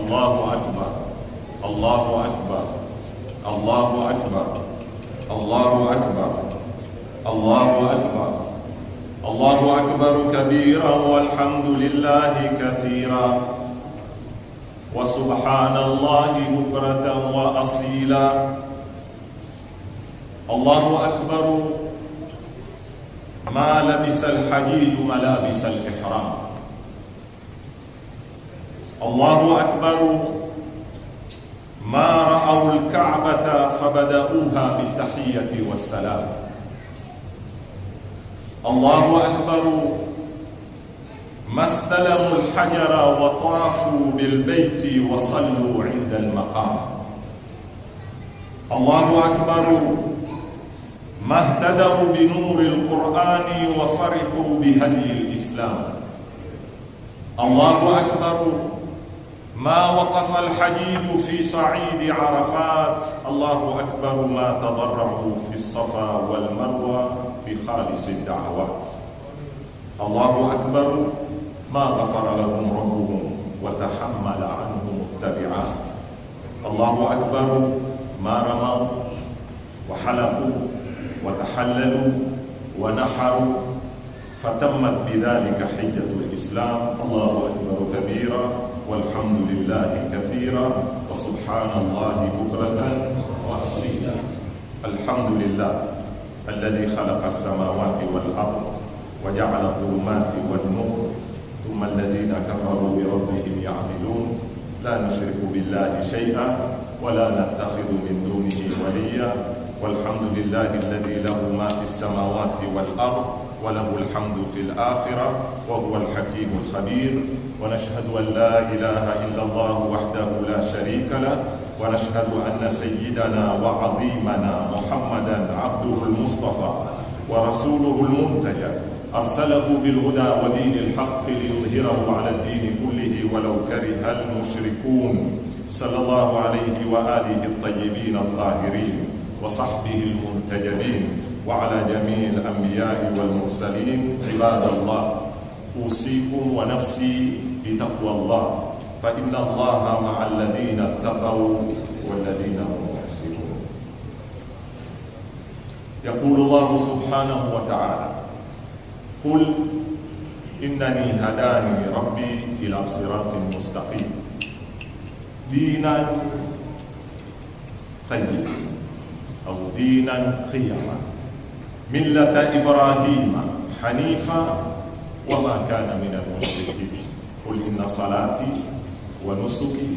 الله أكبر الله أكبر الله أكبر الله أكبر الله أكبر الله أكبر كبيرا والحمد لله كثيرا وسبحان الله بكرة وأصيلا الله أكبر ما لبس الحجيج ملابس الإحرام الله أكبر ما رأوا الكعبة فبدأوها بالتحية والسلام الله أكبر ما استلموا الحجر وطافوا بالبيت وصلوا عند المقام الله أكبر ما اهتدوا بنور القرآن وفرحوا بهدي الإسلام الله أكبر ما وقف الحجيج في صعيد عرفات الله أكبر ما تضرعوا في الصفا والمروى في خالص الدعوات الله أكبر ما غفر لهم ربهم وتحمل عنهم التبعات الله أكبر ما رموا وحلقوا وتحللوا ونحروا فتمت بذلك حجة الإسلام الله أكبر كبيرا والحمد لله كثيرا وسبحان الله بكرة وأصيلا الحمد لله الذي خلق السماوات والأرض وجعل الظلمات والنور ثم الذين كفروا بربهم يعملون لا نشرك بالله شيئا ولا نتخذ من دونه وليا والحمد لله الذي له ما في السماوات والأرض وله الحمد في الآخرة وهو الحكيم الخبير ونشهد أن لا إله إلا الله وحده لا شريك له ونشهد أن سيدنا وعظيمنا محمدا عبده المصطفى ورسوله المنتجى أرسله بالهدى ودين الحق ليظهره على الدين كله ولو كره المشركون صلى الله عليه وآله الطيبين الطاهرين وصحبه المنتجبين وعلى جميع الأنبياء والمرسلين عباد الله أوصيكم ونفسي بتقوى الله فإن الله مع الذين اتقوا والذين هم محسنون يقول الله سبحانه وتعالى قل إنني هداني ربي إلى صراط مستقيم دينا قيما أو دينا قيما ملة إبراهيم حنيفا وما كان من المشركين قل إن صلاتي ونسكي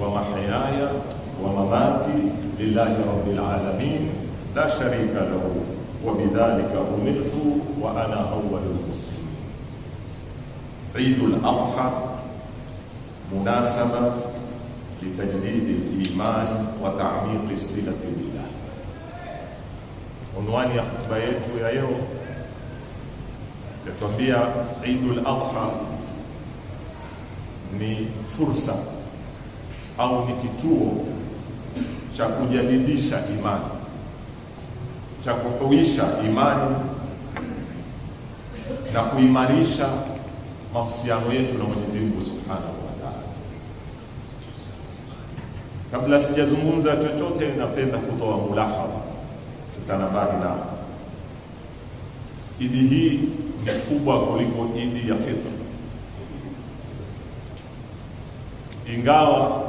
ومحياي ومماتي لله رب العالمين لا شريك له وبذلك أمرت وأنا أول المسلمين عيد الأضحى مناسبة لتجديد الإيمان وتعميق الصلة بالله Unwani ya khutba yetu ya leo yatuambia Eidul Adha ni fursa au ni kituo cha kujadidisha imani, cha kuhuisha imani na kuimarisha mahusiano yetu na Mwenyezi Mungu Subhanahu wa Ta'ala. Kabla sijazungumza chochote, napenda kutoa mulahadha tanabari nao. Idi hii ni kubwa kuliko idi ya fitra, ingawa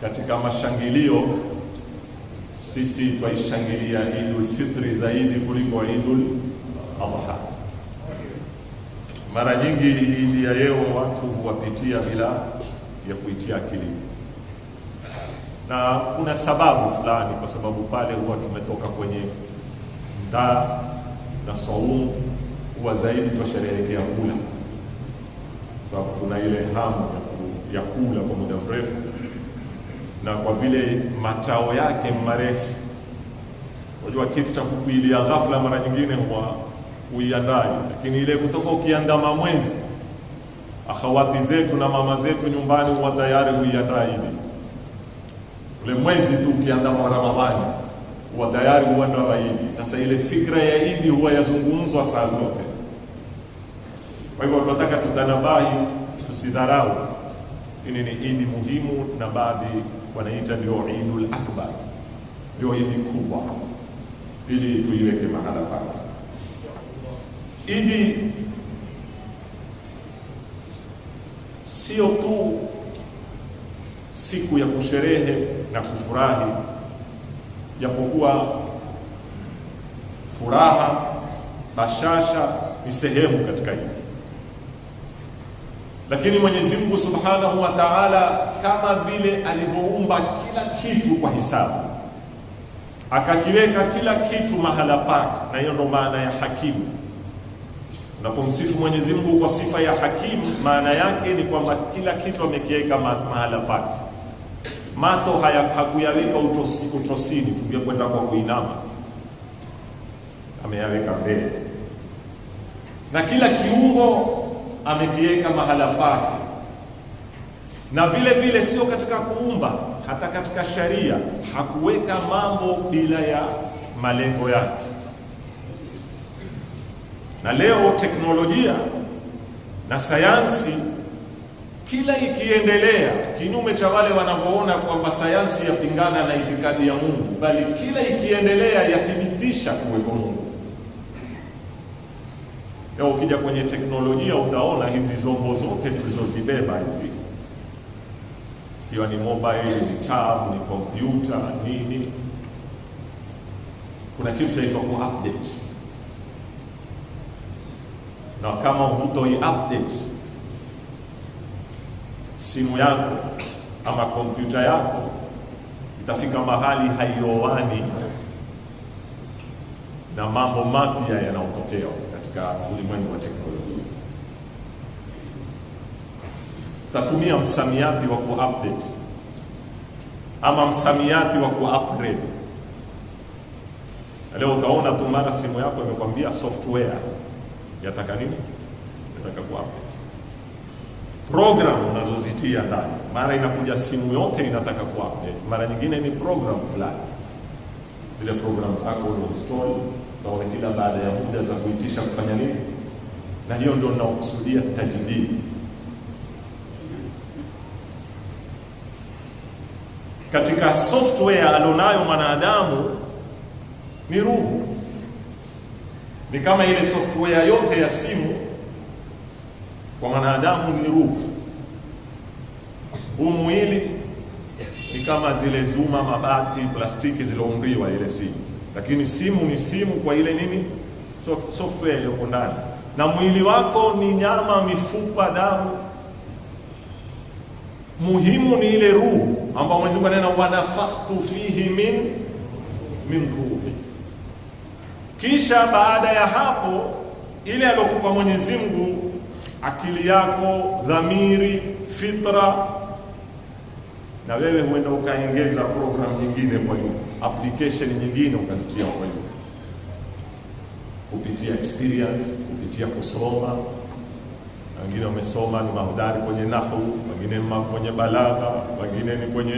katika mashangilio sisi twaishangilia Idul Fitri zaidi kuliko Idul Adha. Mara nyingi idi ya leo watu huwapitia bila ya kuitia akili na kuna sababu fulani, kwa sababu pale huwa tumetoka kwenye mdaa na saumu, huwa zaidi twasherehekea kula, kwa sababu tuna ile hamu ya kula kwa muda mrefu, na kwa vile matao yake marefu, unajua kitu cha kukuilia ghafla mara nyingine huwa uiandai, lakini ile kutoka ukiandama mwezi, akhawati zetu na mama zetu nyumbani huwa tayari huiandaa ile ule mwezi tu ukianza Ramadhani huwa tayari uwanda wa Idi. Sasa ile fikra ya Idi huwa yazungumzwa saa zote. Kwa hivyo tunataka tutanabahi, tusidharau. ini ni Idi muhimu, na baadhi wanaita ndio Idul Akbar, ndio Idi kubwa, ili tuiweke mahala pake. Idi sio tu siku ya kusherehe na kufurahi, japokuwa furaha, bashasha ni sehemu katika hili. Lakini Mwenyezi Mungu Subhanahu wa Ta'ala, kama vile alivyoumba kila kitu kwa hisabu, akakiweka kila kitu mahala pake, na hiyo ndo maana ya hakimu. Unapomsifu Mwenyezi Mungu kwa sifa ya hakimu, maana yake ni kwamba kila kitu amekiweka mahala pake mato hakuyaweka utosi, utosini tungekwenda kwenda kwa kuinama, ameyaweka mbele, na kila kiungo amekiweka mahala pake. Na vile vile sio katika kuumba, hata katika sharia hakuweka mambo bila ya malengo yake. Na leo teknolojia na sayansi kila ikiendelea kinyume cha wale wanavyoona kwamba sayansi yapingana na itikadi ya Mungu, bali kila ikiendelea yathibitisha kuwepo Mungu. Leo ukija kwenye teknolojia utaona hizi zombo zote tulizozibeba hizi, ikiwa ni mobile, ni tab, ni kompyuta, nini, kuna kitu chaitwa ku update, na kama hutoi update simu yako ama kompyuta yako itafika mahali haioani na mambo mapya yanayotokea katika ulimwengu wa teknolojia. Tutatumia msamiati wa kuupdate ama msamiati wa kuupgrade. Leo utaona tu mara simu yako imekwambia software yataka nini, yataka kuupdate program unazozitia ndani, mara inakuja simu yote inataka ku update, mara nyingine ni program fulani, zile program zako story utaona kila baada ya muda za kuitisha kufanya nini, na hiyo ndio ninaokusudia tajdid. Katika software alionayo mwanadamu ni ruhu, ni kama ile software yote ya simu kwa mwanadamu ni ruhu. Huu mwili ni kama zile zuma, mabati, plastiki zilizoundiwa ile simu, lakini simu ni simu kwa ile nini, software iliyoko ndani, na mwili wako ni nyama, mifupa, damu. Muhimu ni ile ruhu ambayo Mwenyezi Mungu anena wanafakhtu fihi min min ruhi. Kisha baada ya hapo ile aliyokupa Mwenyezi Mungu akili yako, dhamiri, fitra, na wewe huenda ukaongeza program nyingine, kwa hiyo application nyingine ukazitia kwa hiyo kupitia experience, kupitia kusoma. Wengine wamesoma ni mahodari kwenye nahu, wengine kwenye balagha, wengine ni kwenye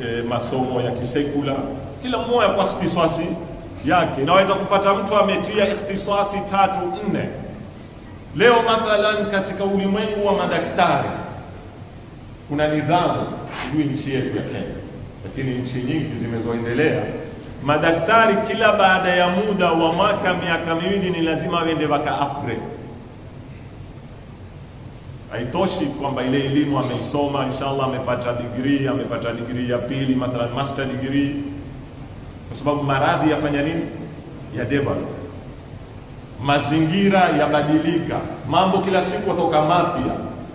e, masomo ya kisekula, kila mmoja kwa ikhtisasi yake. Naweza kupata mtu ametia ikhtisasi tatu nne Leo mathalan, katika ulimwengu wa madaktari kuna nidhamu, sijui nchi yetu ya Kenya, lakini nchi nyingi zimezoendelea, madaktari kila baada ya muda wa mwaka miaka miwili ni lazima wende waka upgrade. Haitoshi kwamba ile elimu ameisoma, inshallah amepata degree, amepata degree ya pili, mathalan master degree, kwa sababu maradhi yafanya nini, ya develop mazingira yabadilika, mambo kila siku watoka mapya.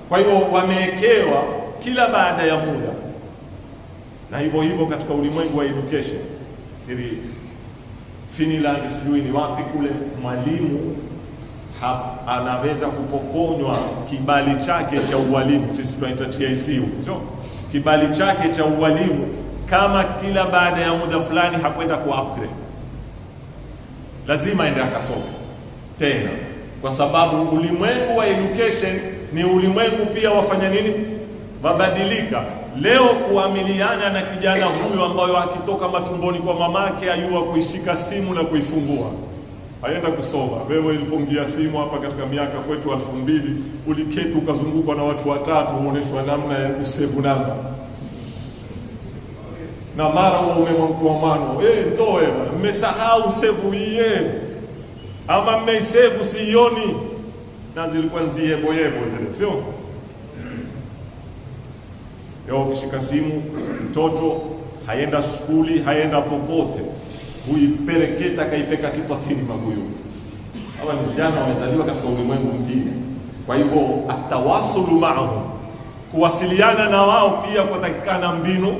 Kwa hivyo wamewekewa kila baada ya muda, na hivyo hivyo katika ulimwengu wa education hivi Finland, sijui ni wapi kule, mwalimu anaweza kupokonywa kibali chake cha uwalimu, sisi tunaita TIC, sio kibali chake cha uwalimu, kama kila baada ya muda fulani hakwenda ku upgrade, lazima aende akasome tena, kwa sababu ulimwengu wa education ni ulimwengu pia wafanya nini, mabadilika. Leo kuamiliana na kijana huyu ambayo akitoka matumboni kwa mamake ayua kuishika simu na kuifungua aenda kusoma. Wewe ulipongia simu hapa katika miaka kwetu elfu mbili uliketi ukazungukwa na watu watatu, uoneshwa namna ya kusevu namba na mara umemwamkua mwano, hey, eh, ndoe mmesahau sevu yenu ama mmeisevu siioni, na zilikuwa nziyeboyebo zile, sio leo. Ukishika simu mtoto haenda skuli haenda popote, huipereketa kaipeka kitwatini maguyu. Hawa ni vijana wamezaliwa katika ulimwengu mwingine, kwa hivyo atawasulu maahum, kuwasiliana na wao pia kunatakikana mbinu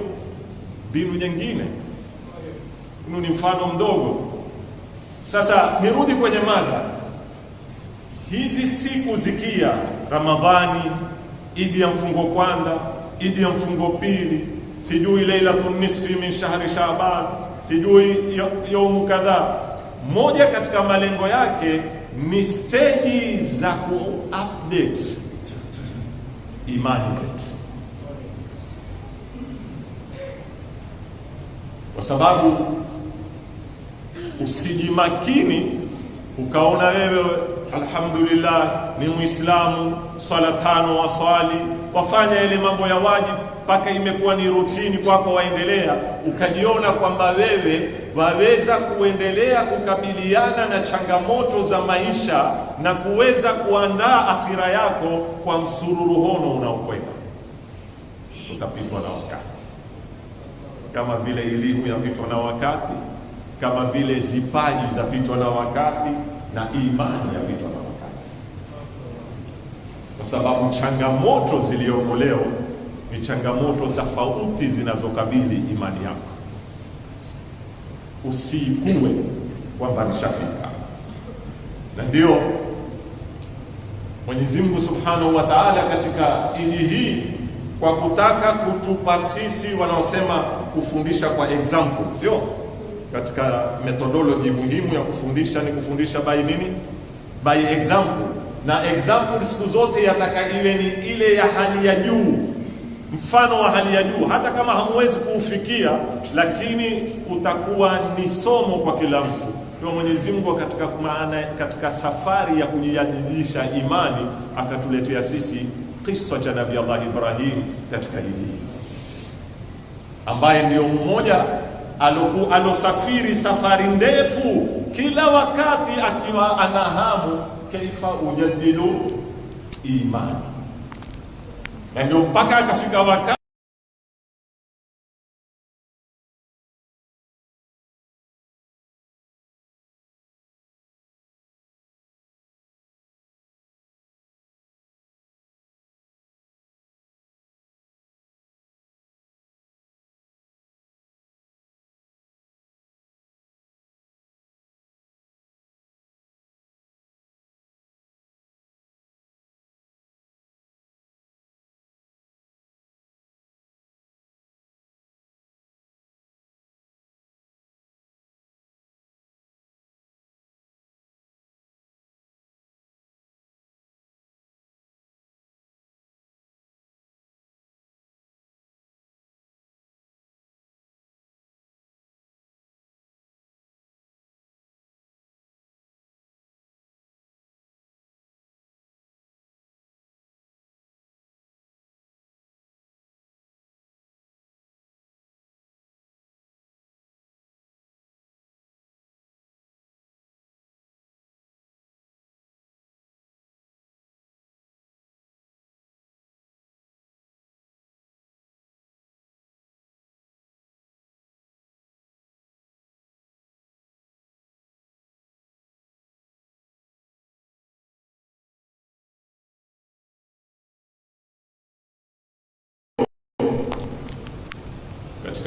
mbinu nyingine. Huu ni mfano mdogo sasa nirudi kwenye mada. Hizi siku zikia Ramadhani, idi ya mfungo kwanza, idi ya mfungo pili, sijui lailatu nisfi min shahri Shaaban, sijui yaumu kadhaa, moja katika malengo yake ni steji za ku update imani zetu, kwa sababu usijimakini ukaona wewe alhamdulillah ni Muislamu, swala tano waswali, wafanya ile mambo ya wajibu mpaka imekuwa ni rutini kwako, waendelea, ukajiona kwamba wewe waweza kuendelea kukabiliana na changamoto za maisha na kuweza kuandaa akhira yako kwa msururu hono unaokwenda, utapitwa na wakati, kama vile elimu yapitwa na wakati kama vile zipaji zapitwa na wakati na imani yapitwa na wakati, kwa sababu changamoto ziliyoko leo ni changamoto tofauti zinazokabili imani yako. Usiikue kwamba nishafika, na ndio Mwenyezi Mungu Subhanahu wa Ta'ala katika Idi hii kwa kutaka kutupa sisi wanaosema kufundisha kwa example, sio katika methodology muhimu ya kufundisha ni kufundisha by nini? By example, na example siku zote yataka iwe ni ile ya hali ya juu, mfano wa hali ya juu, hata kama hamwezi kuufikia, lakini utakuwa ni somo kwa kila mtu. Kwa Mwenyezi Mungu katika maana, katika safari ya kujijadilisha imani akatuletea sisi kisa cha Nabii Allah Ibrahim katika hili, ambaye ndio mmoja Aloku, alosafiri safari ndefu, kila wakati akiwa anahamu kaifa ujadilu imani, na ndio mpaka akafika wakati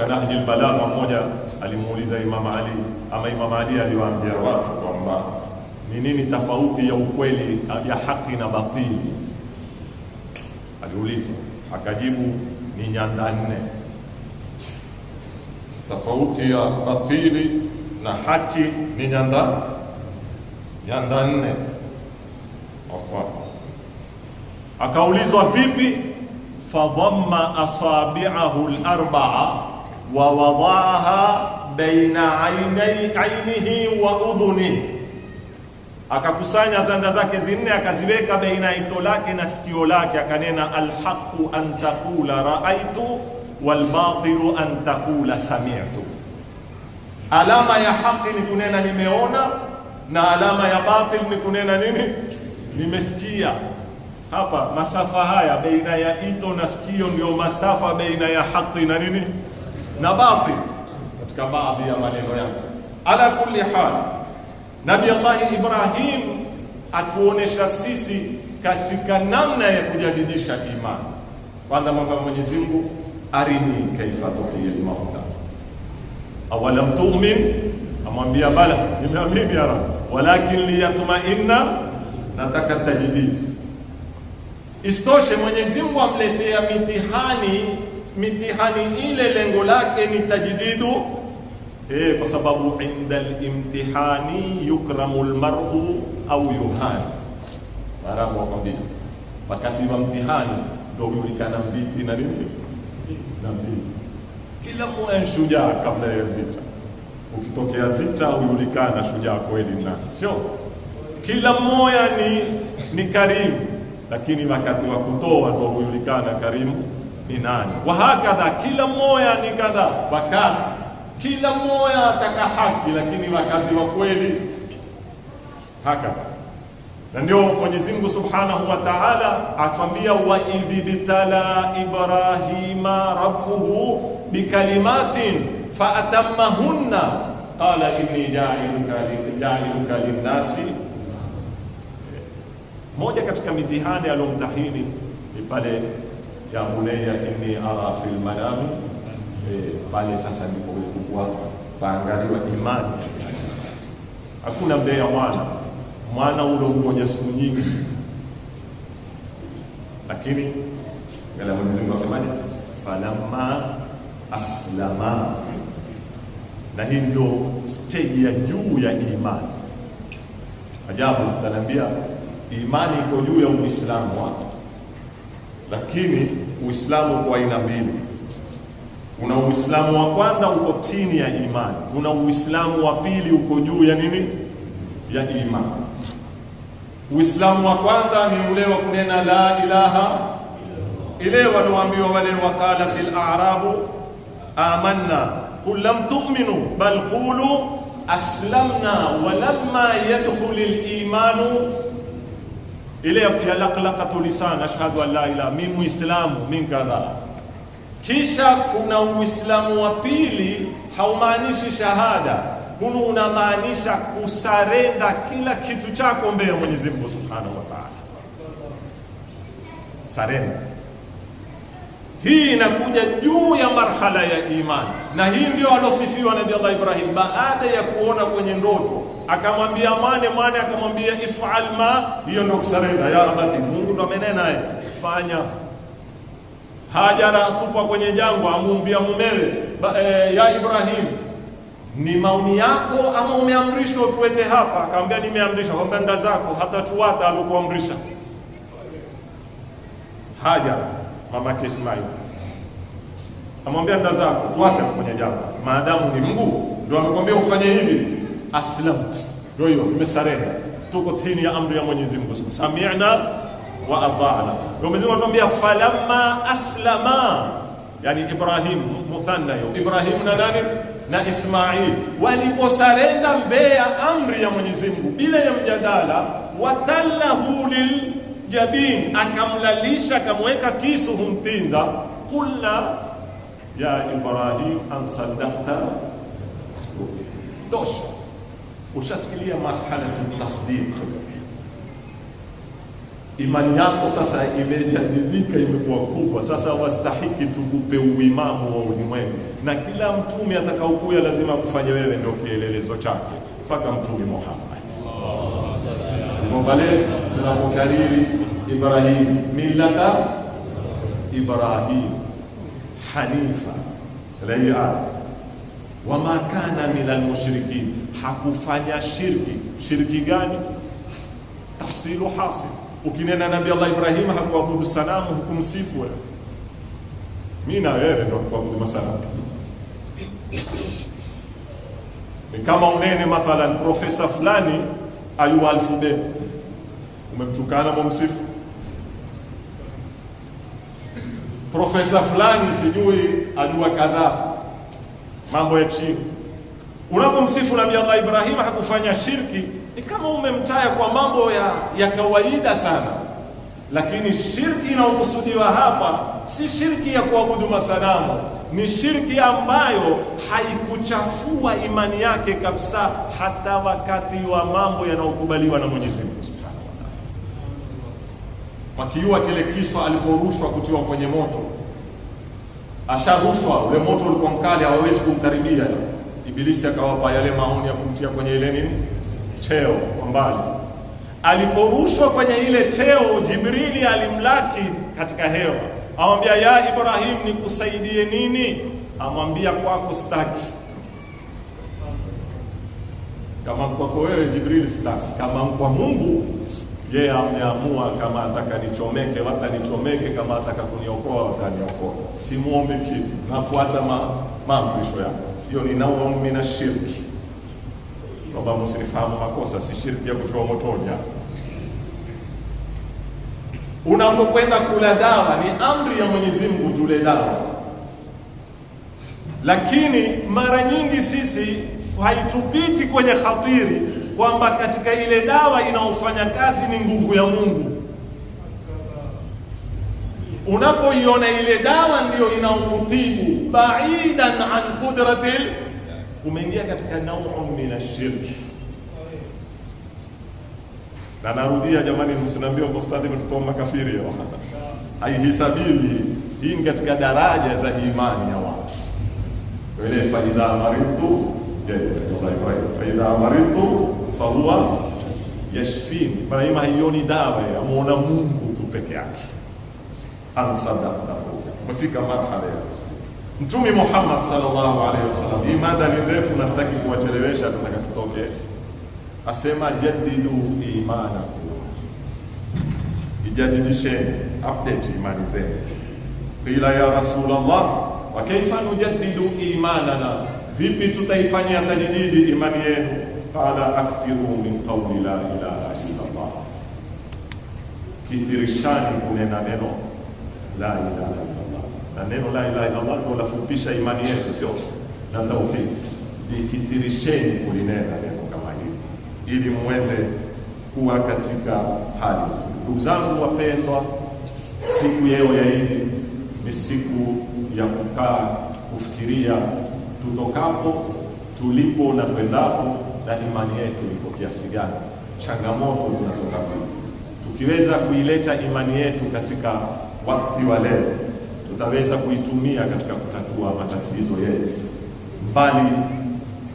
katika Nahji al-Balagha mmoja alimuuliza Imam Ali ama Imam Ali aliwaambia watu kwamba ni nini tofauti ya ukweli ya haki na batili? Aliulizwa akajibu, ni nyanda nne. Tofauti ya batili na haki ni nyanda nyanda nne. Akaulizwa vipi? fadhamma asabi'ahu al-arba'a wa wadaaha baina ainihi wa udhuni, akakusanya zanda zake zinne akaziweka baina ya ito lake na sikio lake, akanena alhaqu an taqula raaitu walbatilu an taqula sami'tu. Alama ya haqi ni kunena nimeona, na alama ya batil ni kunena nini? Nimesikia. Hapa masafa haya baina ya ito na sikio ndio masafa baina ya haqi na nini na batil katika baadhi ya maneno yake. Ala kulli hal, Nabi Allahi Ibrahim atuonesha sisi katika namna ya kujadidisha imani. Kwanza mwamba Mwenyezi Mungu, arini kaifa tuhiyil mauta awalam tu'min, amwambia bala, nimeamini ya rab walakin liyatmainna, nataka tajdid. Isitoshe Mwenyezi Mungu amletea mitihani mitihani ile lengo lake ni tajdidu eh, kwa sababu inda al-imtihani yukramu al-mar'u au yuhan. Maarabu wakwambia wakati wa mtihani ndio hujulikana mbiti na nini na mbili. Kila mmoja shujaa kabla ya zita, ukitokea zita hujulikana shujaa kweli na sio kila mmoja ni, ni karimu, lakini wakati wa kutoa ndio hujulikana karimu ni nani. Wa hakadha, kila mmoja ni kadha wakazi, kila mmoja ataka haki, lakini wakadhi wa kweli hakadha. Na ndio Mwenyezi Mungu Subhanahu wa Ta'ala atwambia, wa idhibtala Ibrahima rabbuhu bikalimatin atammahunna qala inni jailuka linnasi. Moja katika mitihani aliyomtahini ni pale ya bunayya inni ara fil manami e, pale. sasa ndipo ilikuwa paangaliwa imani. Hakuna mbele ya mwana mwana ulo mmoja siku nyingi, lakini ngala Mwenyezi Mungu asemaje? falamma aslama, na hii ndio stage ya juu ya imani. Ajabu, kanaambia imani iko juu ya Uislamu, lakini Uislamu kwa aina mbili. Kuna Uislamu wa kwanza uko chini ya imani, kuna Uislamu wa pili uko juu ya nini? Ya imani. Uislamu wa kwanza ni ule wa kunena la ilaha ile, wanaoambiwa wale wakalatil a'rabu amanna qul lam tu'minu bal qulu aslamna walamma yadkhulil imanu ile ya laklakatu lisan ashhadu an la ilaha, mi muislamu mi kadha. Kisha kuna uislamu wa pili haumaanishi shahada, hunu unamaanisha kusarenda kila kitu chako mbele ya Mwenyezi Mungu subhanahu wa taala, sarenda hii inakuja juu ya marhala ya imani, na hii ndio alosifiwa Nabii Allah Ibrahim baada ya kuona kwenye ndoto akamwambia Mane. Mane akamwambia ifal ma, hiyo ndio kusarenda ya abati. Mungu ndo amenena naye, fanya. Hajara atupwa kwenye jangwa, amuumbia mumewe e, ya Ibrahim, ni maoni yako ama umeamrishwa tuwete hapa? Akamwambia nimeamrishwa. Kwa nda zako hata tuwata alikuamrisha haja mama yake Ismail amwambia nda zako tuwate kwenye jangwa, maadamu ni Mungu ndio amekwambia ufanye hivi aslamtu, ndio hiyo nimesarenda, tuko chini ya amri ya Mwenyezi Mungu sami'na wa ata'na. Ndio Mwenyezi Mungu falamma aslama, yani Ibrahim muthanna yo Ibrahim na nani na Ismail waliposarenda mbele ya amri ya Mwenyezi Mungu bila ya mjadala, watallahu liljabin, akamlalisha akamweka kisu humtinda. Kulna ya Ibrahim ansadakta tosha ushasikilia marhalatu tasdiq, imani yako sasa imejadidika, imekuwa kubwa. Sasa wastahiki tukupe uimamu wa ulimwengu, na kila mtume atakaokuja lazima kufanya wewe ndio kielelezo chake mpaka Mtume Muhammad oh, tunapokariri Ibrahim, millata Ibrahim hanifa laia wama kana minal mushrikin, hakufanya shirki. Shirki gani? tahsilu hasil. Ukinena Nabii Allah Ibrahim hakuabudu sanamu, hukumsifu wewe, mimi na wewe kuabudu masanamu. Ni kama unene mathalan profesa fulani ayuwa alfube, umemtukana mumsifu profesa fulani, sijui ajua kadhaa mambo ya chini. Unapomsifu Nabii Allah Ibrahim hakufanya shirki, ni kama umemtaya kwa mambo ya, ya kawaida sana, lakini shirki inayokusudiwa hapa si shirki ya kuabudu masanamu, ni shirki ambayo haikuchafua imani yake kabisa, hata wakati wa mambo yanayokubaliwa na Mwenyezi Mungu Subhanahu wa Ta'ala. Wakiua kile kiswa aliporushwa kutiwa kwenye moto asharushwa ule moto ulikuwa mkali, hawawezi kumkaribia. Ibilisi akawapa yale maoni ya kumtia kwenye ile nini, teo kwa mbali. Aliporushwa kwenye ile teo, Jibrili alimlaki katika hewa, amwambia ya Ibrahim, nikusaidie nini? Amwambia kwako staki, kama kwako wewe Jibrili staki, kama kwa Mungu yeye ameamua kama ataka nichomeke watanichomeke, kama ataka kuniokoa wataniokoa, simuombe kitu, nafuata maamrisho yako Hiyo ni naumu mina shirki, kwamba msinifahamu makosa, si shirki ya kutoa motoja. Unapokwenda kula dawa, ni amri ya Mwenyezi Mungu tule dawa, lakini mara nyingi sisi haitupiti kwenye khatiri kwamba katika ile dawa inaofanya kazi ni nguvu ya Mungu. Unapoiona ile dawa ndio inaokutibu baidan an qudratil, umeingia katika nau'un min ashirk. Na narudia jamani, msiniambie kwa ustadhi mtutoa makafiri ya aihesabili hii ni katika daraja za imani ya watu wele, faidha maridtu faidha maridtu fahuwa yashfini, Ibrahima haioni dawa, amuona Mungu tu peke yake. ansadaktahu umefika marhala ya taslim. Mtumi Muhammad sallallahu alaihi wasallam, hii mada ni refu, nastaki kuwachelewesha, nataka tutoke. Asema jadidu imanakum, ijadidisheni, update imani zenu. Qila ya Rasulullah, wa kaifa nujaddidu imanana, vipi tutaifanya tajdidi imani yenu qala akthiru min qawli la ilaha illa Allah, kitirishani kunena neno la ilaha illa Na neno la ilaha illa ndio lafupisha imani yetu, sio na tauhidi. Ikitirisheni kulinena neno kama hili, ili muweze kuwa katika hali. Ndugu zangu wapendwa, siku yeo ya Idi ni siku ya kukaa kufikiria, tutokapo, tulipo na twendapo na imani yetu iko kiasi gani, changamoto zinatoka wapi. Tukiweza kuileta imani yetu katika wakati wa leo, tutaweza kuitumia katika kutatua matatizo yetu, mbali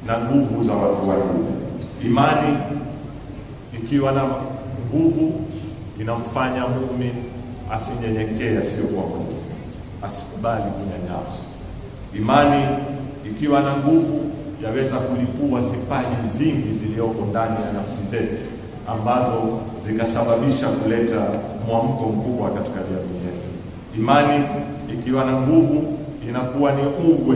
na nguvu za watu wa dunia. Imani ikiwa na nguvu inamfanya muumini asinyenyekee asiyokuaguzi, asikubali kunyanyaswa. Imani ikiwa na nguvu yaweza kulipua sipaji zingi zilizoko ndani ya nafsi zetu ambazo zikasababisha kuleta mwamko mkubwa katika jamii yetu. Imani ikiwa na nguvu inakuwa ni ugwe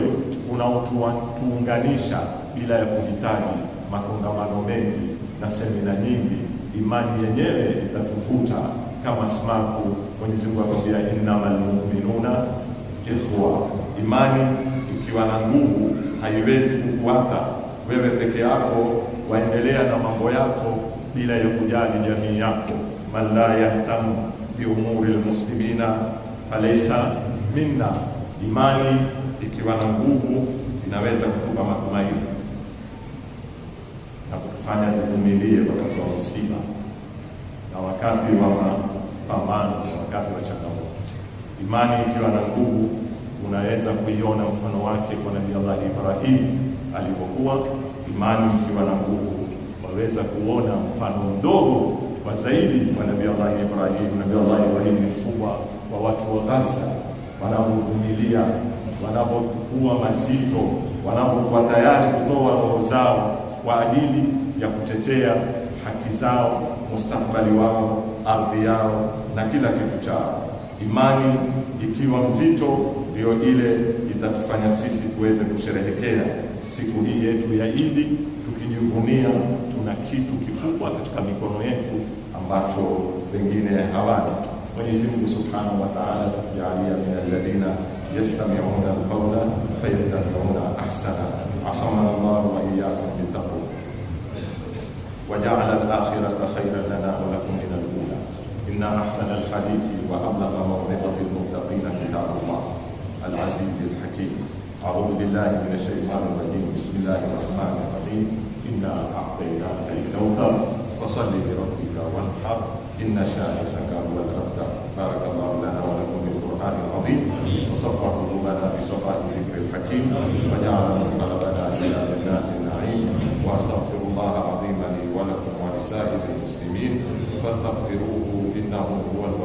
unaotuunganisha bila ya kuhitaji makongamano mengi na semina nyingi. Imani yenyewe itatuvuta kama smaku Mwenyezi Mungu akwambia, innamal mu'minuna ikhwa. Imani ikiwa na nguvu haiwezi kukuacha wewe peke yako waendelea na mambo yako bila ya kujali jamii yako. man la yahtamu bi umuri lmuslimina falaisa minna. Imani ikiwa na nguvu inaweza kutupa matumaini na kutufanya tuvumilie wakati wa msiba na wakati wa mapambano, wakati wa changamoto. Imani ikiwa na nguvu unaweza kuiona mfano wake kwa Nabii Allah Ibrahim alipokuwa imani ikiwa na nguvu, waweza kuona mfano mdogo wa zaidi kwa Nabii Allah Ibrahim. Nabii Allah Ibrahim ni mkubwa wa watu wa Gaza wanaovumilia, wanapokuwa mazito, wanapokuwa tayari kutoa roho zao kwa ajili ya kutetea haki zao, mustakbali wao, ardhi yao na kila kitu chao, imani ikiwa mzito ndiyo ile itatufanya sisi tuweze kusherehekea siku hii yetu ya Idi tukijivunia tuna kitu kikubwa katika mikono yetu ambacho wengine hawana. Mwenyezi Mungu Subhanahu wa Ta'ala tujalia min alladhina yastami'una alqawla fayattabi'una ahsana asama Allahu wa iyyakum wa ja'ala al-akhirata khayran lana wa lakum min al-ula inna ahsana al-hadithi wa ablagha maw'izati muttaqina kitabullah العزيز الحكيم أعوذ بالله من الشيطان الرجيم بسم الله الرحمن الرحيم إنا أعطيناك الكوثر فصل لربك وانحر إن شاهدك هو الأبتر بارك الله لنا ولكم بالقرآن العظيم وصفى قلوبنا بصفاء ذكر الحكيم وجعلنا قلبنا إلى جنات النعيم وأستغفر الله العظيم لي ولكم ولسائر المسلمين فاستغفروه إنه هو